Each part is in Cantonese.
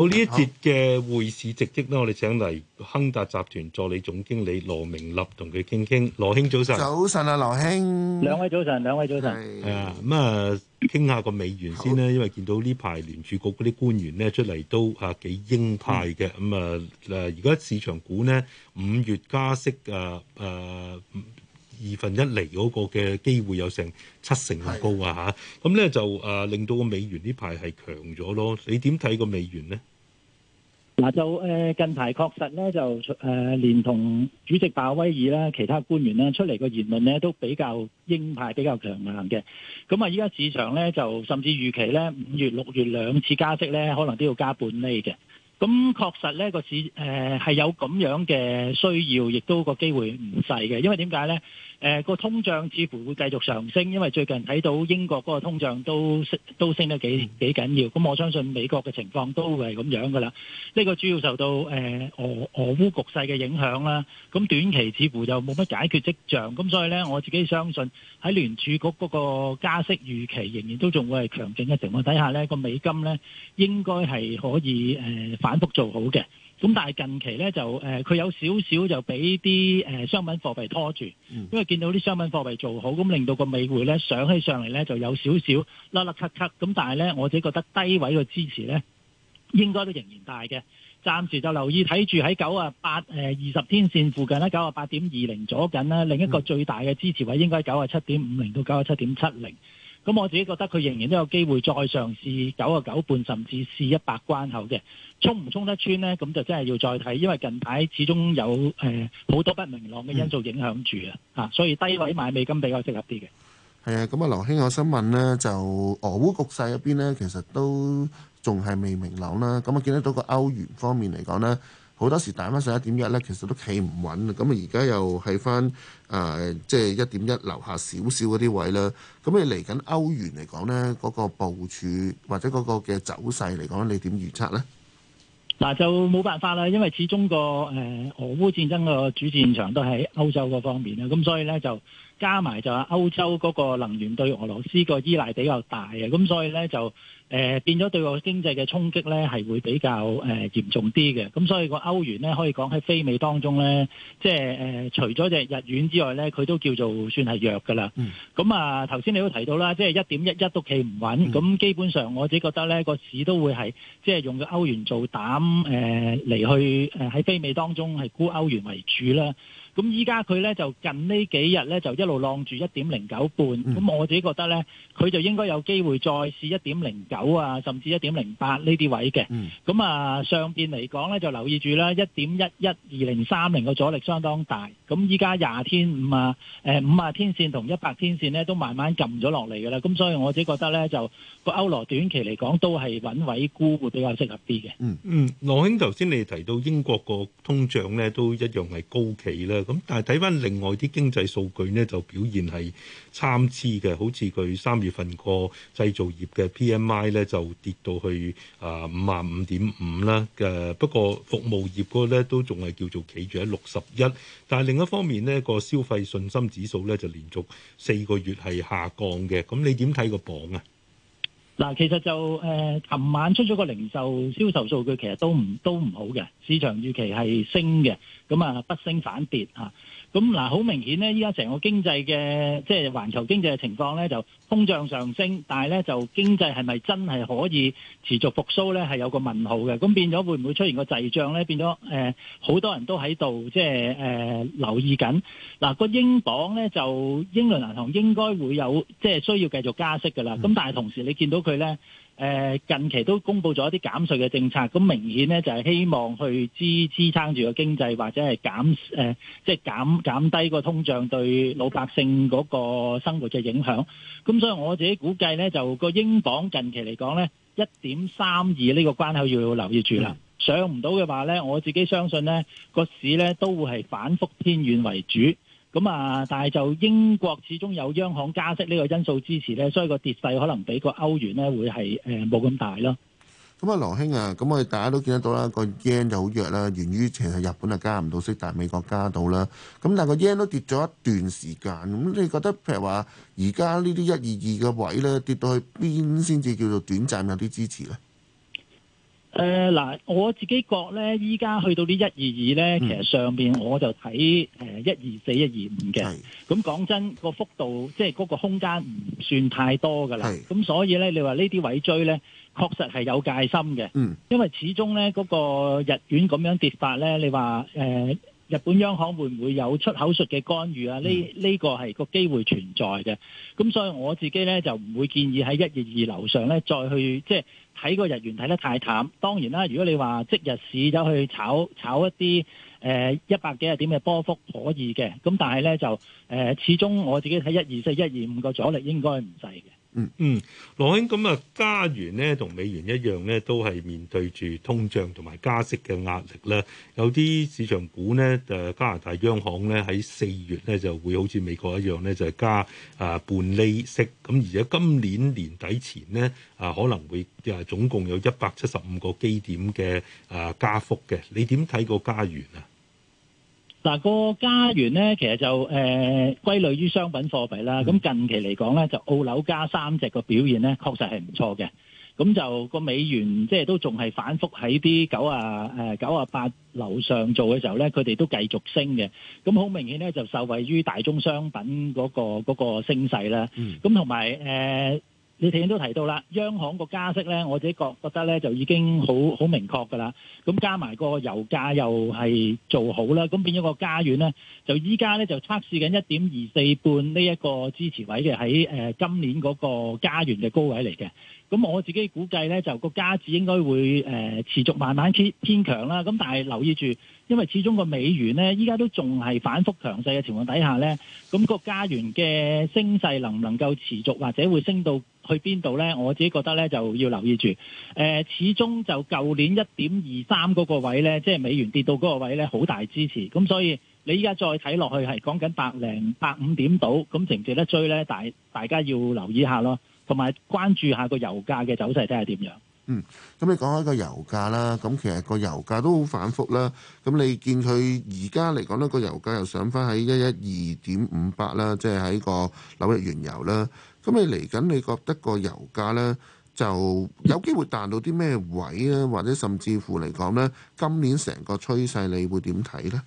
好呢好一節嘅匯市直擊呢，我哋請嚟亨達集團助理總經理羅明立同佢傾傾。羅兄早晨，早晨啊，羅兄，兩位早晨，兩位早晨。是啊，咁啊，傾下個美元先啦。好因為見到呢排聯儲局嗰啲官員咧出嚟都吓幾鷹派嘅，咁、嗯嗯、啊，誒，而家市場估咧五月加息啊誒、啊、二分一厘嗰個嘅機會有成七成咁高是啊吓，咁、啊、咧、嗯、就誒、啊、令到個美,美元呢排係強咗咯。你點睇個美元咧？嗱，就誒近排確實咧就誒連同主席鮑威爾啦，其他官員咧出嚟個言論咧都比較鷹派，比較強硬嘅。咁啊，依家市場咧就甚至預期咧五月、六月兩次加息咧，可能都要加半厘嘅。咁確實咧，個市誒係有咁樣嘅需要，亦都個機會唔細嘅。因為點解咧？誒個通脹似乎會繼續上升，因為最近睇到英國嗰個通脹都升都升得幾幾緊要。咁我相信美國嘅情況都會係咁樣噶啦。呢個主要受到誒俄俄烏局勢嘅影響啦。咁短期似乎就冇乜解決跡象。咁所以咧，我自己相信喺聯儲局嗰個加息預期仍然都仲會係強勁嘅情況底下咧，呢個美金咧應該係可以誒反反覆做好嘅，咁但係近期呢，就誒，佢、呃、有少少就俾啲誒商品貨幣拖住，嗯、因為見到啲商品貨幣做好，咁令到個美匯呢上起上嚟，呢就有少少甩甩咳咳，咁但係呢，我自己覺得低位嘅支持呢應該都仍然大嘅，暫時就留意睇住喺九十八誒二十天線附近呢，九十八點二零左近啦，另一個最大嘅支持位應該九十七點五零到九十七點七零。咁我自己覺得佢仍然都有機會再嘗試九啊九半，甚至試一百關口嘅，衝唔衝得穿咧？咁就真係要再睇，因為近排始終有誒好多不明朗嘅因素影響住啊，啊，所以低位買美金比較適合啲嘅。係啊，咁啊，羅兄，我想問咧，就俄烏局勢入邊咧，其實都仲係未明朗啦。咁啊，見得到個歐元方面嚟講咧。好多時彈翻上一點一咧，其實都企唔穩啊！咁啊，而家又喺翻誒，即係一點一樓下少少嗰啲位啦。咁你嚟緊歐元嚟講咧，嗰個部署或者嗰個嘅走勢嚟講，你點預測咧？嗱，就冇辦法啦，因為始終個誒俄烏戰爭個主戰場都喺歐洲嗰方面啦，咁所以咧就加埋就話歐洲嗰個能源對俄羅斯個依賴比較大嘅，咁所以咧就。誒、呃、變咗對外經濟嘅衝擊咧，係會比較誒、呃、嚴重啲嘅，咁所以個歐元咧，可以講喺非美當中咧，即係誒、呃、除咗隻日元之外咧，佢都叫做算係弱㗎喇。咁、嗯、啊，頭先你都提到啦，即係一點一一都企唔穩，咁、嗯、基本上我自己覺得咧，個市都會係即係用個歐元做膽誒嚟、呃、去誒喺、呃、非美當中係沽歐元為主啦。咁依家佢咧就近呢幾日咧，就一路浪住一點零九半，咁我自己覺得咧，佢就應該有機會再試一點零九啊，甚至一點零八呢啲位嘅。咁啊上邊嚟講咧就留意住啦，一點一一二零三零個阻力相當大。咁依家廿天五啊，誒五啊天線同一百天線咧都慢慢撳咗落嚟㗎啦。咁所以我自己覺得咧就個歐羅短期嚟講都係揾位沽會比較適合啲嘅。嗯嗯，羅兄頭先你提到英國個通脹咧都一樣係高企啦。咁但係睇返另外啲經濟數據咧，就表現係參差嘅。好似佢三月份個製造業嘅 PMI 咧，就跌到去啊五十五點五啦。嘅、呃、不過服務業嗰咧都仲係叫做企住喺六十一。但係另一方面呢個消費信心指數咧就連續四個月係下降嘅。咁你點睇個榜啊？嗱，其實就誒，琴晚出咗個零售銷售數據，其實都唔都唔好嘅，市場預期係升嘅，咁啊不升反跌嚇，咁嗱好明顯咧，依家成個經濟嘅即係環球經濟嘅情況咧就。通脹上升，但係咧就經濟係咪真係可以持續復甦咧？係有個問號嘅。咁變咗會唔會出現個滯脹咧？變咗誒好多人都喺度即係誒留意緊。嗱個英鎊咧就英倫銀行應該會有即係需要繼續加息㗎啦。咁但係同時你見到佢咧。誒近期都公布咗一啲減稅嘅政策，咁明顯咧就係希望去支支撐住個經濟，或者係減誒，即係減減低個通脹對老百姓嗰個生活嘅影響。咁所以我自己估計咧，就個英鎊近期嚟講咧，一點三二呢個關口要留意住啦。上唔到嘅話咧，我自己相信咧，個市咧都會係反覆偏軟為主。咁啊、嗯，但係就英國始終有央行加息呢個因素支持咧，所以個跌勢可能比個歐元咧會係誒冇咁大咯。咁、嗯、啊，羅兄啊，咁我哋大家都見得到啦，個 yen 就好弱啦，源於其實日本啊加唔到息，但美國加到啦。咁、嗯、但係個 yen 都跌咗一段時間，咁、嗯、你覺得譬如話而家呢啲一二二嘅位咧跌到去邊先至叫做短暫有啲支持咧？誒嗱、呃，我自己覺咧，依家去到呢一二二咧，其實上邊我就睇誒一二四、一二五嘅。咁講是真，個幅度即係嗰個空間唔算太多噶啦。咁是所以咧，你話呢啲位追咧，確實係有戒心嘅。嗯，因為始終咧嗰個日圓咁樣跌法咧，你話誒，呃日本央行會唔會有出口術嘅干預啊？呢呢、這個係個機會存在嘅，咁所以我自己呢就唔會建議喺一二二樓上呢再去即係睇個日元睇得太淡。當然啦，如果你話即日市走去炒炒一啲誒一百幾十點嘅波幅可以嘅，咁但係呢，就誒、呃、始終我自己睇一二四、一二五個阻力應該唔細嘅。嗯嗯，羅兄咁啊，加元咧同美元一樣咧，都係面對住通脹同埋加息嘅壓力啦。有啲市場股咧，誒加拿大央行咧喺四月咧就會好似美國一樣咧，就係加啊半釐息。咁而且今年年底前咧啊可能會誒總共有一百七十五個基點嘅啊加幅嘅。你點睇個加元啊？嗱個加元咧，其實就誒、呃、歸類於商品貨幣啦。咁、嗯、近期嚟講咧，就澳紐加三隻個表現咧，確實係唔錯嘅。咁就個美元即係都仲係反覆喺啲九啊誒九啊八樓上做嘅時候咧，佢哋都繼續升嘅。咁好明顯咧，就受惠於大宗商品嗰、嗰個嗰個升勢啦。咁同埋誒。你哋都提到啦，央行個加息咧，我自己覺覺得咧就已經好好明確㗎啦。咁加埋個油價又係做好啦，咁變咗個加元咧，就依家咧就測試緊一點二四半呢一個支持位嘅，喺誒今年嗰個加元嘅高位嚟嘅。咁我自己估計咧，就個加字應該會誒、呃、持續慢慢偏偏強啦。咁但係留意住。因為始終個美元咧，依家都仲係反覆強勢嘅情況底下咧，咁個加元嘅升勢能唔能夠持續，或者會升到去邊度咧？我自己覺得咧就要留意住。誒、呃，始終就舊年一點二三嗰個位咧，即係美元跌到嗰個位咧，好大支持。咁所以你依家再睇落去係講緊百零百五點到，咁值唔值得追咧？大大家要留意下咯，同埋關注下個油價嘅走勢睇下點樣。嗯，咁你講開個油價啦，咁其實個油價都好反覆啦。咁你見佢而家嚟講呢個油價又上返喺一一二點五八啦，即係喺個紐約原油啦。咁你嚟緊，你覺得個油價呢就有機會彈到啲咩位呢？或者甚至乎嚟講呢，今年成個趨勢，你會點睇呢？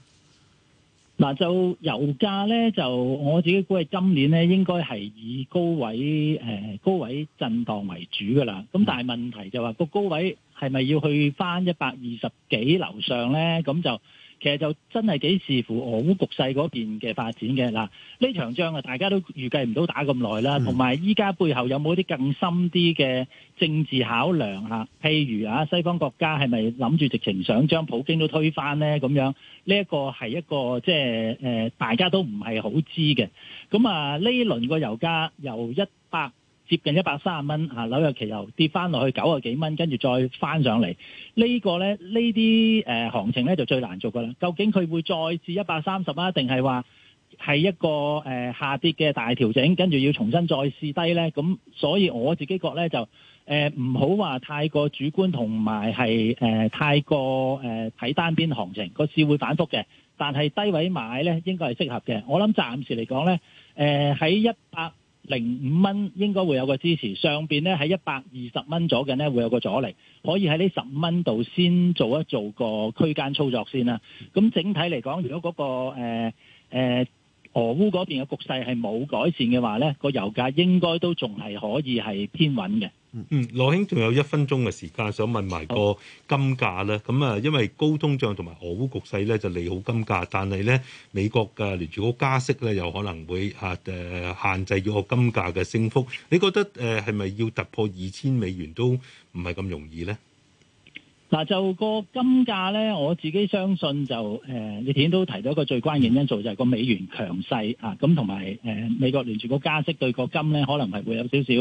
嗱、啊，就油價咧，就我自己估係今年咧，應該係以高位誒、呃、高位震盪為主噶啦。咁但係問題就話、是、個、嗯、高位係咪要去返一百二十幾樓上咧？咁就。其實就真係幾視乎俄烏局勢嗰邊嘅發展嘅嗱，呢場仗啊大家都預計唔到打咁耐啦，同埋依家背後有冇啲更深啲嘅政治考量吓？譬如啊，西方國家係咪諗住直情想將普京都推翻呢？咁樣呢、這個、一個係一個即係誒，大家都唔係好知嘅。咁啊，呢輪個油價由一百。接近一百三十蚊，啊，紐約期油跌翻落去九啊幾蚊，跟住再翻上嚟，這個、呢個咧、呃、呢啲誒行情咧就最難做㗎喇。究竟佢會再試一百三十啊，定係話係一個誒、呃、下跌嘅大調整，跟住要重新再試低咧？咁所以我自己覺得咧就誒唔好話太過主觀，同埋係誒太過誒睇、呃、單邊行情，個市會反覆嘅。但係低位買咧應該係適合嘅。我諗暫時嚟講咧，誒、呃、喺一百。零五蚊應該會有個支持，上邊咧喺一百二十蚊左近咧會有個阻力，可以喺呢十五蚊度先做一做個區間操作先啦、啊。咁整體嚟講，如果嗰、那個誒、呃呃、俄烏嗰邊嘅局勢係冇改善嘅話咧，個油價應該都仲係可以係偏穩嘅。嗯，羅兄仲有一分鐘嘅時間，想問埋個金價咧。咁啊、哦，因為高通脹同埋俄烏局勢咧，就利好金價。但係咧，美國嘅聯儲局加息咧，有可能會啊誒限制住個金價嘅升幅。你覺得誒係咪要突破二千美元都唔係咁容易呢？嗱，就個金價咧，我自己相信就誒、呃，你頭先都提到一個最關鍵因素就係、是、個美元強勢啊，咁同埋誒美國聯儲局加息對個金咧，可能係會有少少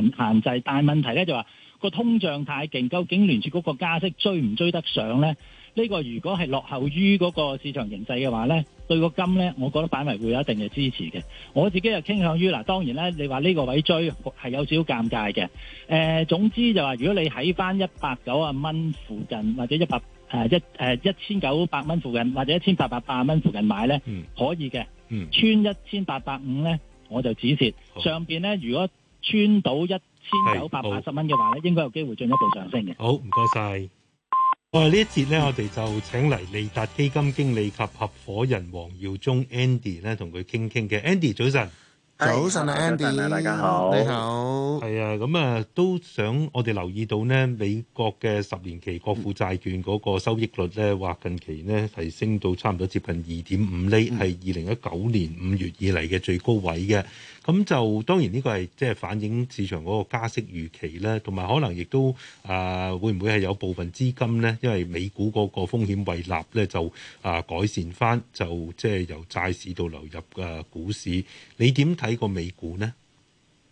限限制，但問題咧就話、是那個通脹太勁，究竟聯儲局嗰個加息追唔追得上咧？呢個如果係落後於嗰個市場形勢嘅話呢，對個金呢，我覺得擺埋會有一定嘅支持嘅。我自己又傾向於嗱，當然咧，你話呢個位追係有少少尷尬嘅。誒、呃，總之就話、是，如果你喺翻一百九啊蚊附近，或者一百誒一誒一千九百蚊附近，或者一千八百八啊蚊附近買呢，嗯、可以嘅。嗯、穿一千八百五呢，我就止蝕。好上邊呢。如果穿到一千九百八十蚊嘅話呢，應該有機會進一步上升嘅。好，唔該晒。呢一節咧，我哋就請嚟利達基金經理及合夥人黃耀宗 Andy 咧，同佢傾傾嘅。Andy 早晨，早晨啊，Andy，晨大家好，你好。係啊，咁啊，都想我哋留意到呢美國嘅十年期國庫債券嗰個收益率咧，話近期呢提升到差唔多接近二點五厘，係二零一九年五月以嚟嘅最高位嘅。咁就當然呢個係即係反映市場嗰個加息預期咧，同埋可能亦都啊會唔會係有部分資金咧，因為美股個個風險胃納咧就啊改善翻，就即係由債市到流入嘅股市。你點睇個美股咧？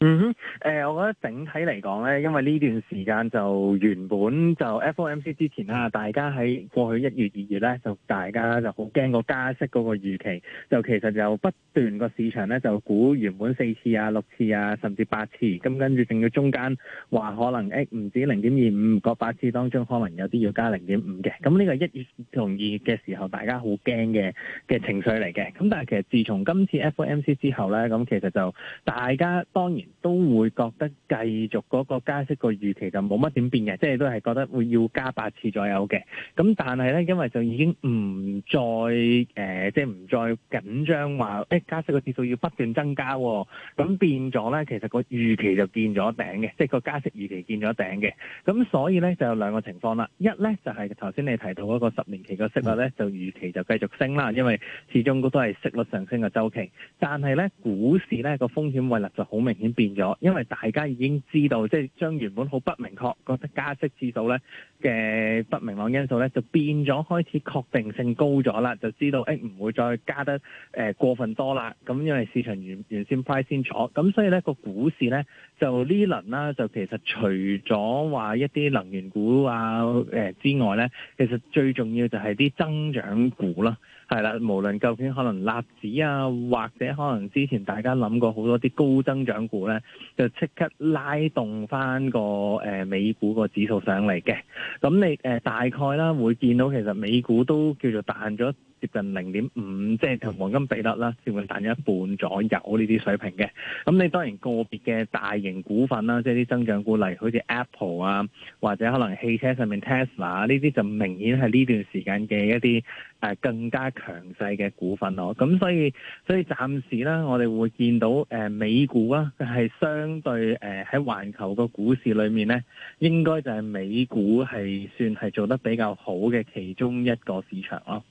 嗯哼，誒、呃，我覺得整體嚟講咧，因為呢段時間就原本就 FOMC 之前啦，大家喺過去一月二月咧，就大家就好驚個加息嗰個預期，就其實就不斷個市場咧就估原本四次啊、六次啊，甚至八次，咁跟住定要中間話可能誒唔止零點二五，個八次當中可能有啲要加零點五嘅，咁呢個一月同二月嘅時候，大家好驚嘅嘅情緒嚟嘅，咁但係其實自從今次 FOMC 之後咧，咁其實就大家當然。都會覺得繼續嗰個加息個預期就冇乜點變嘅，即係都係覺得會要加八次左右嘅。咁但係呢，因為就已經唔再誒，即係唔再緊張話誒加息個次數要不斷增加、哦，咁變咗呢，其實個預期就見咗頂嘅，即係個加息預期見咗頂嘅。咁所以呢，就有兩個情況啦，一呢，就係頭先你提到嗰個十年期個息率呢，就預期就繼續升啦，因為始終都係息率上升嘅週期。但係呢，股市呢個風險位率就好明顯變變咗，因為大家已經知道，即係將原本好不明確，覺得加息次數咧嘅不明朗因素咧，就變咗開始確定性高咗啦，就知道誒唔會再加得誒過分多啦。咁因為市場完完善 price 先咗 pr，咁所以咧個股市咧就呢輪啦，就其實除咗話一啲能源股啊誒之外咧，其實最重要就係啲增長股啦。係啦，無論究竟可能納指啊，或者可能之前大家諗過好多啲高增長股咧，就即刻拉動翻個誒、呃、美股個指數上嚟嘅。咁你誒、呃、大概啦，會見到其實美股都叫做彈咗，接近零點五，即係同黃金比率啦，接近彈咗一半左右呢啲水平嘅。咁你當然個別嘅大型股份啦，即係啲增長股，例如好似 Apple 啊，或者可能汽車上面 Tesla 呢、啊、啲就明顯係呢段時間嘅一啲誒、呃、更加強勢嘅股份咯。咁所以所以暫時咧，我哋會見到誒、呃、美股啊，係相對誒喺環球個股市裏面咧，應該就係美股係算係做得比較好嘅其中一個市場咯。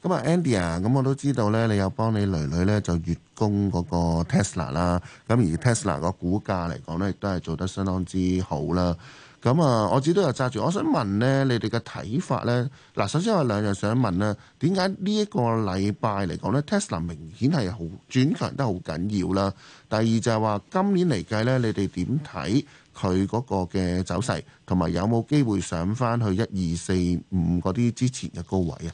咁啊，Andy 啊，咁我都知道咧，你有幫你囡囡咧就月供嗰個 Tesla 啦。咁而 Tesla 個股價嚟講咧，亦都係做得相當之好啦。咁啊，我自己都有揸住。我想問咧，你哋嘅睇法咧，嗱，首先我兩樣想問咧，點解呢一個禮拜嚟講咧，Tesla 明顯係好轉強得好緊要啦。第二就係話今年嚟計咧，你哋點睇佢嗰個嘅走勢，同埋有冇機會上翻去一二四五嗰啲之前嘅高位啊？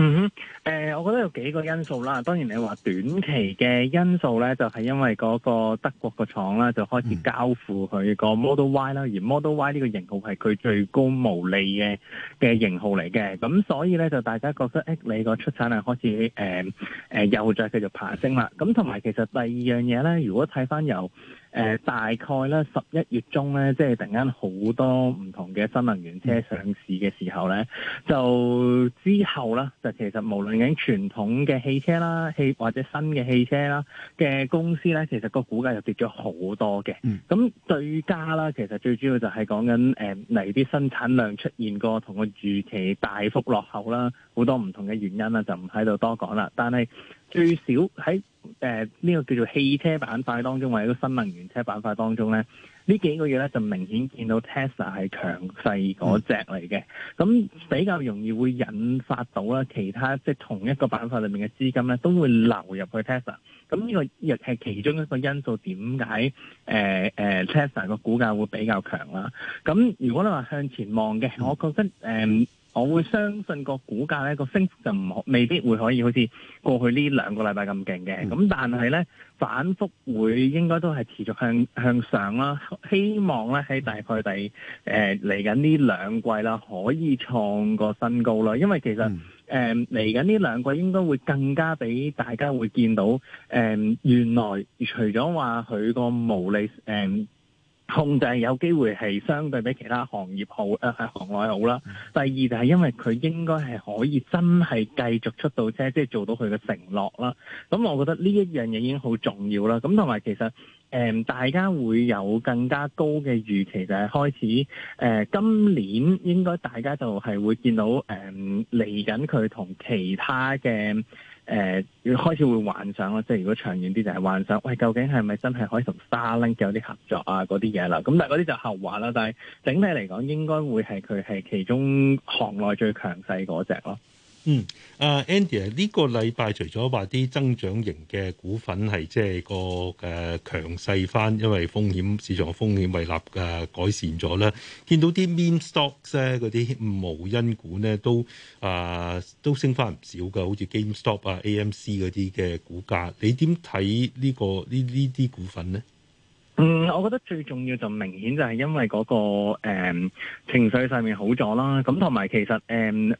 嗯哼，誒、呃，我覺得有幾個因素啦。當然你話短期嘅因素咧，就係、是、因為嗰個德國個廠咧就開始交付佢個 Model Y 啦，而 Model Y 呢個型號係佢最高毛利嘅嘅型號嚟嘅。咁所以咧就大家覺得誒、呃、你個出產量開始誒誒、呃呃、又再繼續爬升啦。咁同埋其實第二樣嘢咧，如果睇返由誒、呃，大概咧十一月中咧，即係突然間好多唔同嘅新能源車上市嘅時候咧，嗯、就之後咧就其實無論緊傳統嘅汽車啦，汽或者新嘅汽車啦嘅公司咧，其實個股價就跌咗好多嘅。咁、嗯、對家啦，其實最主要就係講緊誒嚟啲生產量出現過同個預期大幅落後啦，好多唔同嘅原因啦，就唔喺度多講啦。但係最少喺。誒呢、呃這個叫做汽車板塊當中或者個新能源車板塊當中咧，呢幾個月咧就明顯見到 Tesla 係強勢嗰隻嚟嘅，咁、嗯、比較容易會引發到啦其他即係、就是、同一個板塊裏面嘅資金咧都會流入去 Tesla，咁呢個亦係其中一個因素點解誒誒、呃呃、Tesla 個股價會比較強啦。咁如果你話向前望嘅，我覺得誒。呃我會相信個股價咧、個升幅就唔未必會可以好似過去呢兩個禮拜咁勁嘅，咁、嗯、但係咧反覆會應該都係持續向向上啦。希望咧喺大概第誒嚟緊呢兩季啦，可以創個新高啦。因為其實誒嚟緊呢兩季應該會更加俾大家會見到誒、呃、原來除咗話佢個毛利誒。呃控制有機會係相對比其他行業好，誒、呃、係行內好啦。第二就係因為佢應該係可以真係繼續出到車，即、就、係、係、做到佢嘅承諾啦。咁我覺得呢一樣嘢已經好重要啦。咁同埋其實誒、呃、大家會有更加高嘅預期就係開始誒、呃、今年應該大家就係會見到誒嚟緊佢同其他嘅。.誒要、呃、開始會幻想咯，即係如果長遠啲就係、是、幻想，喂，究竟係咪真係可以同 Starlink 有啲合作啊？嗰啲嘢啦，咁但係嗰啲就後話啦。但係整體嚟講，應該會係佢係其中行內最強勢嗰隻咯。嗯，阿 Andy 呢、啊這個禮拜除咗話啲增長型嘅股份係即係個誒、呃、強勢翻，因為風險市場嘅風險位立誒、啊、改善咗啦，見到啲 Meme Stocks 咧嗰啲迷因股咧都誒、啊、都升翻唔少噶，好似 Game Stop 啊 AMC 嗰啲嘅股價，你點睇呢個呢呢啲股份咧？嗯，我覺得最重要就明顯就係因為嗰、那個、呃、情緒上面好咗啦，咁同埋其實誒、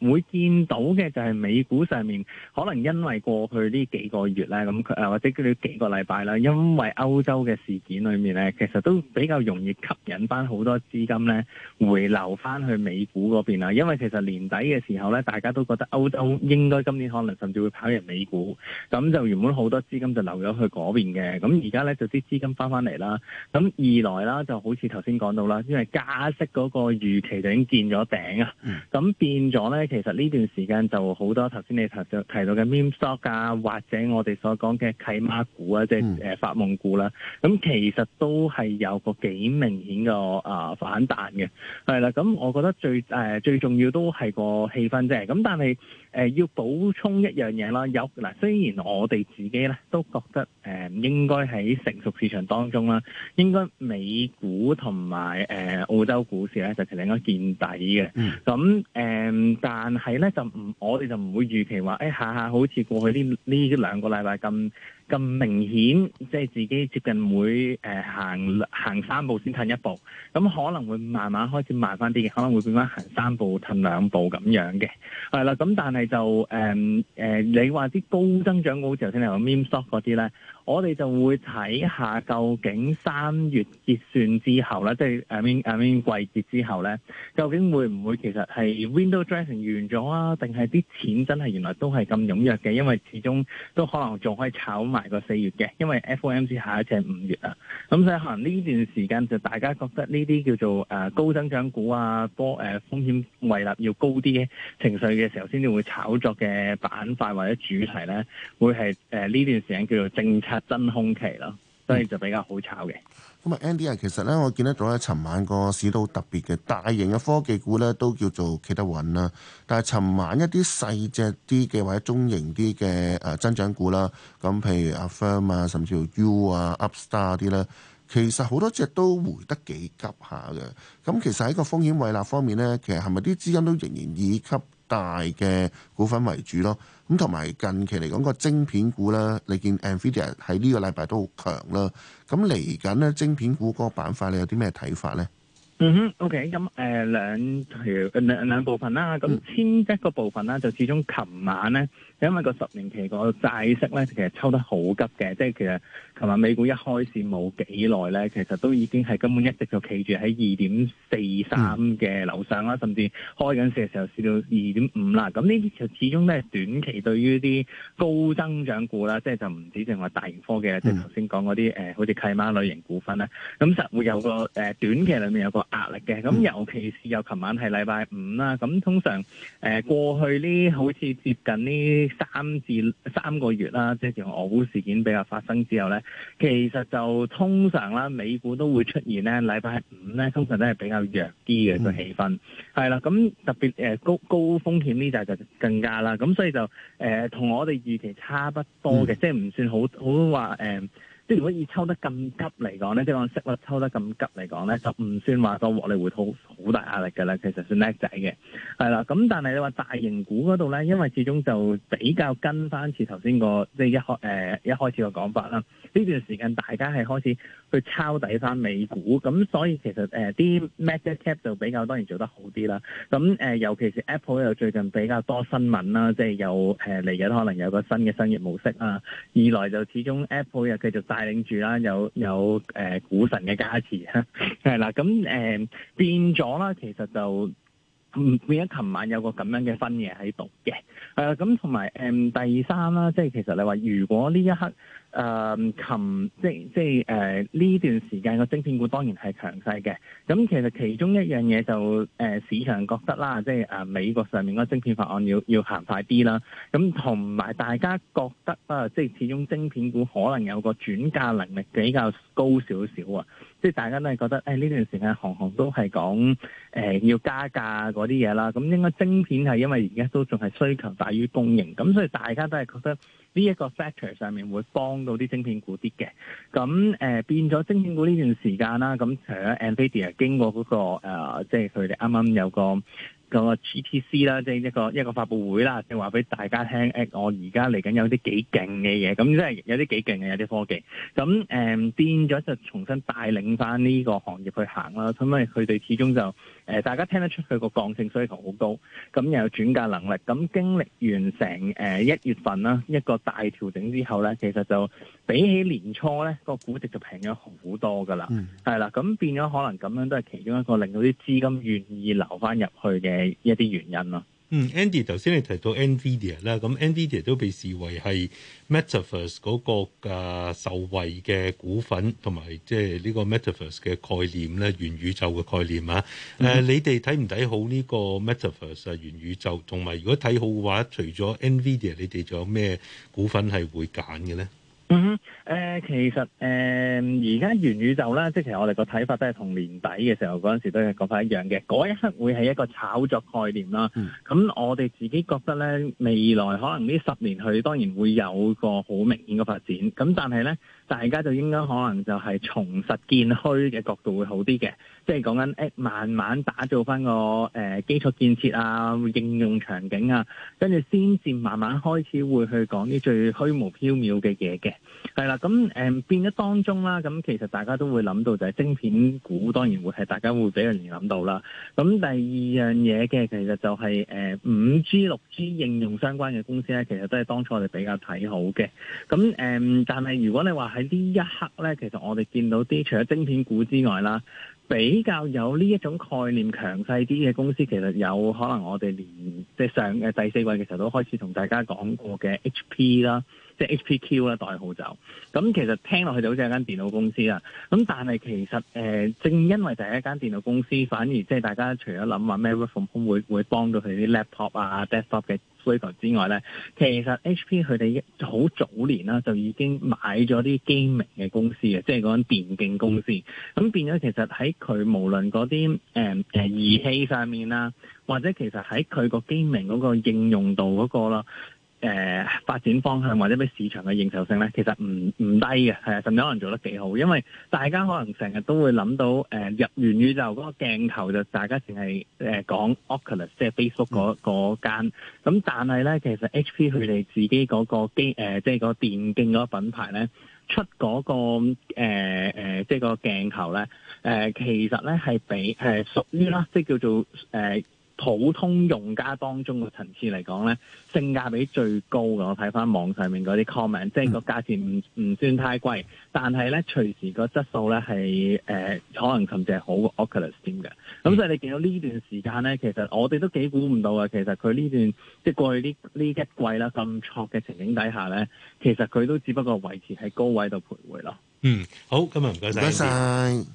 呃、會見到嘅就係美股上面可能因為過去呢幾個月咧，咁佢啊或者嗰啲幾個禮拜啦，因為歐洲嘅事件裏面咧，其實都比較容易吸引翻好多資金咧回流翻去美股嗰邊啊，因為其實年底嘅時候咧，大家都覺得歐洲應該今年可能甚至會跑贏美股，咁就原本好多資金就流咗去嗰邊嘅，咁而家咧就啲資金翻翻嚟啦。咁二來啦，就好似頭先講到啦，因為加息嗰個預期就已經見咗頂啊，咁、嗯、變咗呢，其實呢段時間就好多頭先你頭先提到嘅 meme stock 啊，或者我哋所講嘅契媽股啊，嗯、即係誒發夢股啦，啊，咁其實都係有個幾明顯嘅啊，呃、反彈嘅，係啦，咁我覺得最誒、呃、最重要都係個氣氛啫，咁但係。誒、呃、要補充一樣嘢啦，有嗱，雖然我哋自己咧都覺得誒、呃、應該喺成熟市場當中啦，應該美股同埋誒澳洲股市咧就其實應該見底嘅。咁誒、嗯呃，但係咧就唔，我哋就唔會預期話，誒、哎、下下好似過去呢呢兩個禮拜咁。咁明顯，即係自己接近會誒、呃、行行三步先褪一步，咁、嗯、可能會慢慢開始慢翻啲嘅，可能會變翻行三步褪兩步咁樣嘅，係、嗯、啦。咁但係就誒誒、嗯呃，你話啲高增長股，頭先你話 meme stock 嗰啲咧，我哋就會睇下究竟三月結算之後咧，即係 mini mini 季節之後咧，究竟會唔會其實係 window dressing 完咗啊？定係啲錢真係原來都係咁踴躍嘅？因為始終都可能仲可以炒大過四月嘅，因為 FOMC 下一次係五月啊，咁所以可能呢段時間就大家覺得呢啲叫做誒、呃、高增長股啊，多誒、呃、風險胃納要高啲嘅情緒嘅時候，先至會炒作嘅板塊或者主題咧，會係誒呢段時間叫做政策真空期咯，所以就比較好炒嘅。咁啊 Andy 其實咧，我見得到咧，尋晚個市都特別嘅，大型嘅科技股咧都叫做企得穩啦。但係尋晚一啲細隻啲嘅或者中型啲嘅誒增長股啦，咁譬如 Affirm 啊，甚至乎 U 啊、Upstart 啲咧，其實好多隻都回得幾急下嘅。咁其實喺個風險胃納方面咧，其實係咪啲資金都仍然以吸大嘅股份為主咯？咁同埋近期嚟講，個晶片股啦，你見 Nvidia 喺呢個禮拜都好強啦。咁嚟緊咧，晶片股嗰個板塊，你有啲咩睇法咧？嗯哼，OK，咁誒、呃、兩條兩兩部分啦。咁千一個部分啦，嗯、就始終琴晚咧。因為個十年期個債息咧，其實抽得好急嘅。即係其實琴晚美股一開市冇幾耐咧，其實都已經係根本一直就企住喺二點四三嘅樓上啦，甚至開緊市嘅時候試到二點五啦。咁呢啲就始終都係短期對於啲高增長股啦，即係就唔止淨係大型科技，即係頭先講嗰啲誒好似契媽類型股份啦。咁實會有個誒、呃、短期裏面有個壓力嘅。咁尤其是有琴晚係禮拜五啦，咁通常誒、呃、過去呢好似接近呢～三至三個月啦，即係從俄烏事件比較發生之後咧，其實就通常啦，美股都會出現咧，禮拜五咧，通常都係比較弱啲嘅個氣氛，係啦，咁特別誒高高風險呢？就就更加啦，咁所以就誒同、呃、我哋預期差不多嘅、嗯呃，即係唔算好好話誒，即係如果以抽得咁急嚟講咧，即係講息率抽得咁急嚟講咧，就唔算話個獲利回好。好大壓力㗎啦，其實算叻仔嘅，係啦。咁但係你話大型股嗰度咧，因為始終就比較跟翻似頭先個即係一開誒、呃、一開始個講法啦。呢段時間大家係開始去抄底翻美股，咁所以其實誒啲 market cap 就比較當然做得好啲啦。咁誒、呃、尤其是 Apple 又最近比較多新聞啦，即係有誒嚟日可能有個新嘅商業模式啊。二來就始終 Apple 又繼續帶領住啦，有有誒、呃、股神嘅加持嚇，係啦。咁誒、呃、變咗。我啦，其實就唔會咗琴晚有個咁樣嘅分野喺度嘅，誒咁同埋誒第三啦，即係其實你話如果呢一刻。誒，琴、嗯、即即係誒呢段時間個晶片股當然係強勢嘅。咁、嗯、其實其中一樣嘢就誒、呃、市場覺得啦，即係誒、呃、美國上面嗰個晶片法案要要行快啲啦。咁同埋大家覺得啦，即、呃、係始終晶片股可能有個轉價能力比較高少少啊。即係大家都係覺得誒呢、哎、段時間行行都係講誒要加價嗰啲嘢啦。咁、嗯、應該晶片係因為而家都仲係需求大於供應，咁所以大家都係覺得。呢一個 factor 上面會幫到啲晶片股啲嘅，咁誒、呃、變咗晶片股呢段時間啦，咁誒 Nvidia 經過嗰、那個、呃、即係佢哋啱啱有個個 GTC 啦，即係一個一個發布會啦，即係話俾大家聽誒、哎，我而家嚟緊有啲幾勁嘅嘢，咁即係有啲幾勁嘅有啲科技，咁誒、呃、變咗就重新帶領翻呢個行業去行啦，因為佢哋始終就。誒、呃，大家聽得出佢個剛性需求好高，咁又有轉嫁能力。咁經歷完成，誒，一月份啦，一個大調整之後咧，其實就比起年初咧個估值就平咗好多噶啦，係啦、嗯。咁變咗可能咁樣都係其中一個令到啲資金願意留翻入去嘅一啲原因囉。嗯，Andy 頭先你提到 Nvidia 啦，咁 Nvidia 都被視為係 Metaverse 嗰個受惠嘅股份，同埋即係呢個 Metaverse 嘅概念咧，元宇宙嘅概念、嗯、啊。誒，你哋睇唔睇好呢個 Metaverse 元宇宙？同埋如果睇好嘅話，除咗 Nvidia，你哋仲有咩股份係會揀嘅咧？嗯哼，誒、呃，其實誒，而、呃、家元宇宙咧，即係其實我哋個睇法都係同年底嘅時候嗰陣時都係講法一樣嘅，嗰一刻會係一個炒作概念啦。咁、嗯、我哋自己覺得咧，未來可能呢十年去，當然會有個好明顯嘅發展，咁但係咧。大家就應該可能就係從實建虛嘅角度會好啲嘅，即係講緊誒慢慢打造翻個誒、呃、基礎建設啊、應用場景啊，跟住先至慢慢開始會去講啲最虛無縹緲嘅嘢嘅。係啦，咁誒、呃、變咗當中啦，咁其實大家都會諗到就係晶片股，當然會係大家會比較容易諗到啦。咁第二樣嘢嘅其實就係誒五 G、六 G 應用相關嘅公司咧，其實都係當初我哋比較睇好嘅。咁誒、呃，但係如果你話，喺呢一刻呢，其實我哋見到啲除咗晶片股之外啦，比較有呢一種概念強勢啲嘅公司，其實有可能我哋連即係上誒第四季嘅時候都開始同大家講過嘅 HP 啦，即係 HPQ 啦代號就咁，其實聽落去就好似間電腦公司啊，咁但係其實誒、呃，正因為第一間電腦公司，反而即係大家除咗諗話咩，Work from Home 會，會幫到佢啲 Laptop 啊、Desktop 嘅。需求之外咧，其實 H.P 佢哋好早年啦，就已經買咗啲 gaming 嘅公司嘅，即係嗰間電競公司。咁、嗯、變咗其實喺佢無論嗰啲誒誒儀器上面啦，或者其實喺佢個 gaming 嗰個應用度嗰、那個啦。誒、呃、發展方向或者俾市場嘅認受性咧，其實唔唔低嘅，係啊，甚至可能做得幾好，因為大家可能成日都會諗到誒、呃、入完宇宙入元宇宙嗰個鏡頭就大家淨係誒講 Oculus 即係 Facebook 嗰間，咁但係咧其實 HP 佢哋自己嗰個機、呃、即係個電競嗰個品牌咧出嗰、嗰個誒、呃、即係個鏡頭咧誒、呃、其實咧係比誒、呃、屬於啦即係叫做誒。呃普通用家當中嘅層次嚟講咧，性價比最高嘅。我睇翻網上面嗰啲 comment，即係個價錢唔唔算太貴，但係咧隨時個質素咧係誒，可能甚至係好 Oculus 啲嘅。咁、嗯、所以你見到呢段時間咧，其實我哋都幾估唔到呀。其實佢呢段即係過去呢呢一季啦，咁挫嘅情景底下咧，其實佢都只不過維持喺高位度徘徊咯。嗯，好，今日唔該晒。謝謝。